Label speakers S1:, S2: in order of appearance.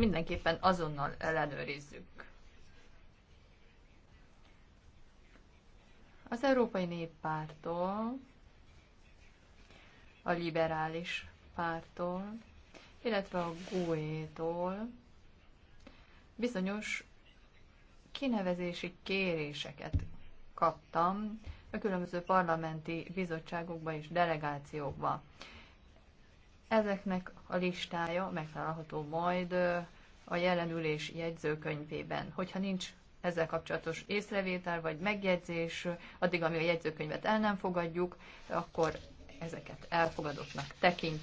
S1: mindenképpen azonnal ellenőrizzük. Az Európai Néppártól, a Liberális Pártól, illetve a GUE-tól bizonyos kinevezési kéréseket kaptam a különböző parlamenti bizottságokba és delegációkba. Ezeknek a listája megtalálható majd a jelenülés jegyzőkönyvében. Hogyha nincs ezzel kapcsolatos észrevétel vagy megjegyzés, addig, ami a jegyzőkönyvet el nem fogadjuk, akkor ezeket elfogadottnak tekintjük.